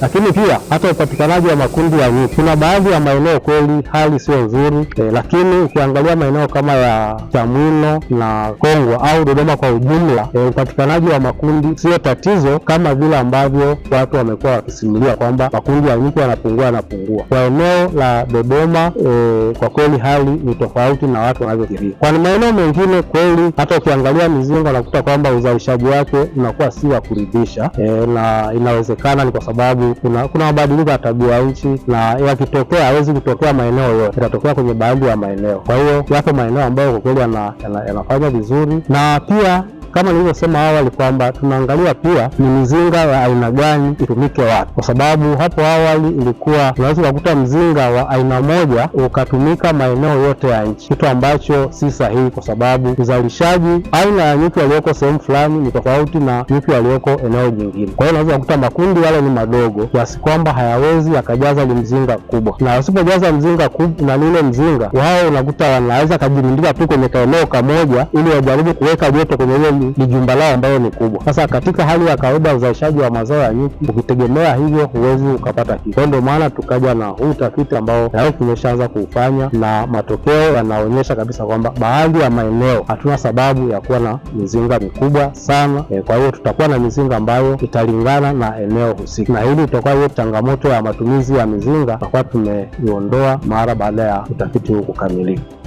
lakini pia hata upatikanaji wa makundi ya nyuki. Kuna baadhi ya maeneo kweli hali sio nzuri e, lakini ukiangalia maeneo kama ya Chamwino na Kongwa au Dodoma kwa ujumla e, upatikanaji wa makundi sio tatizo kama vile ambavyo watu wamekuwa wakisimulia kwamba makundi ya nyuki yanapungua yanapungua. Kwa eneo la Dodoma e, kwa kweli hali ni tofauti na watu wanavyofikiria. Kwa maeneo mengine kweli hata ukiangalia Mizinga unakuta kwamba uzalishaji wake unakuwa si wa kuridhisha e, na inawezekana ni kwa sababu kuna kuna mabadiliko ya tabia nchi, na yakitokea hawezi kutokea maeneo yote, itatokea kwenye baadhi ya maeneo. Kwa hiyo yapo maeneo ambayo kwa kweli yanafanya vizuri na pia kama nilivyosema awali kwamba tunaangalia pia ni mizinga ya aina gani itumike wapi, kwa sababu hapo awali ilikuwa unaweza ukakuta mzinga wa aina moja ukatumika maeneo yote ya nchi, kitu ambacho si sahihi, kwa sababu uzalishaji aina ya nyuki walioko sehemu fulani ni tofauti na nyuki walioko eneo jingine. Kwa hiyo unaweza kukuta makundi yale ni madogo kiasi kwamba hayawezi yakajaza li mzinga kubwa, na wasipojaza mzinga kubwa na lile mzinga wao, unakuta wanaweza kajirindika tu kwenye kaeneo kamoja, ili wajaribu kuweka joto kwenye ile sababu ni jumba lao ambalo ni kubwa. Sasa katika hali ya kawaida uzalishaji wa mazao ya nyuki, ukitegemea hivyo huwezi ukapata kitu. Ndio maana tukaja na huu utafiti ambao tayari tumeshaanza kuufanya, na matokeo yanaonyesha kabisa kwamba baadhi ya maeneo hatuna sababu ya kuwa na mizinga mikubwa sana. E, kwa hiyo tutakuwa na mizinga ambayo italingana na eneo husika, na hili itakuwa hiyo changamoto ya matumizi ya mizinga tutakuwa tumeiondoa mara baada ya utafiti huu kukamilika.